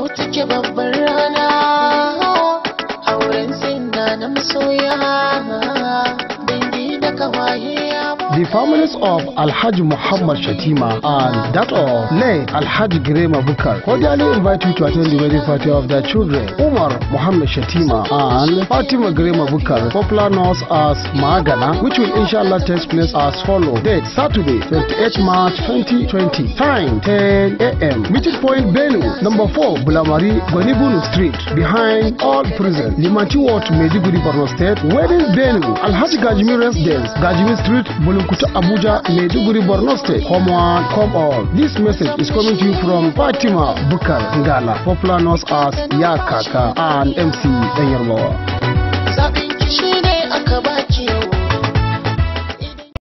yau take babbar rana auren sinna na masoya The families of Alhaji Muhammad Shatima and that of late Alhaji Girema Bukar cordially invite you to attend the wedding party of their children, Umar Muhammad Shatima and Fatima Girema Bukar, popular known as Magana, which will inshallah take place as follows. Date Saturday, 28 March 2020. Time 10 a.m. Meeting point Benu, number 4, Bulamari, Gonibunu Street, behind all prison, Limanchi Ward, Mediguri, Borno State. Wedding venue, Alhaji Gajimi Residence, Gajimi Street, Bulukuta Abuja, Maiduguri, Borno State. Come on, come on. This message is coming to you from Fatima Bukar Ngala, popular known as Yakaka and MC Danyarbawa.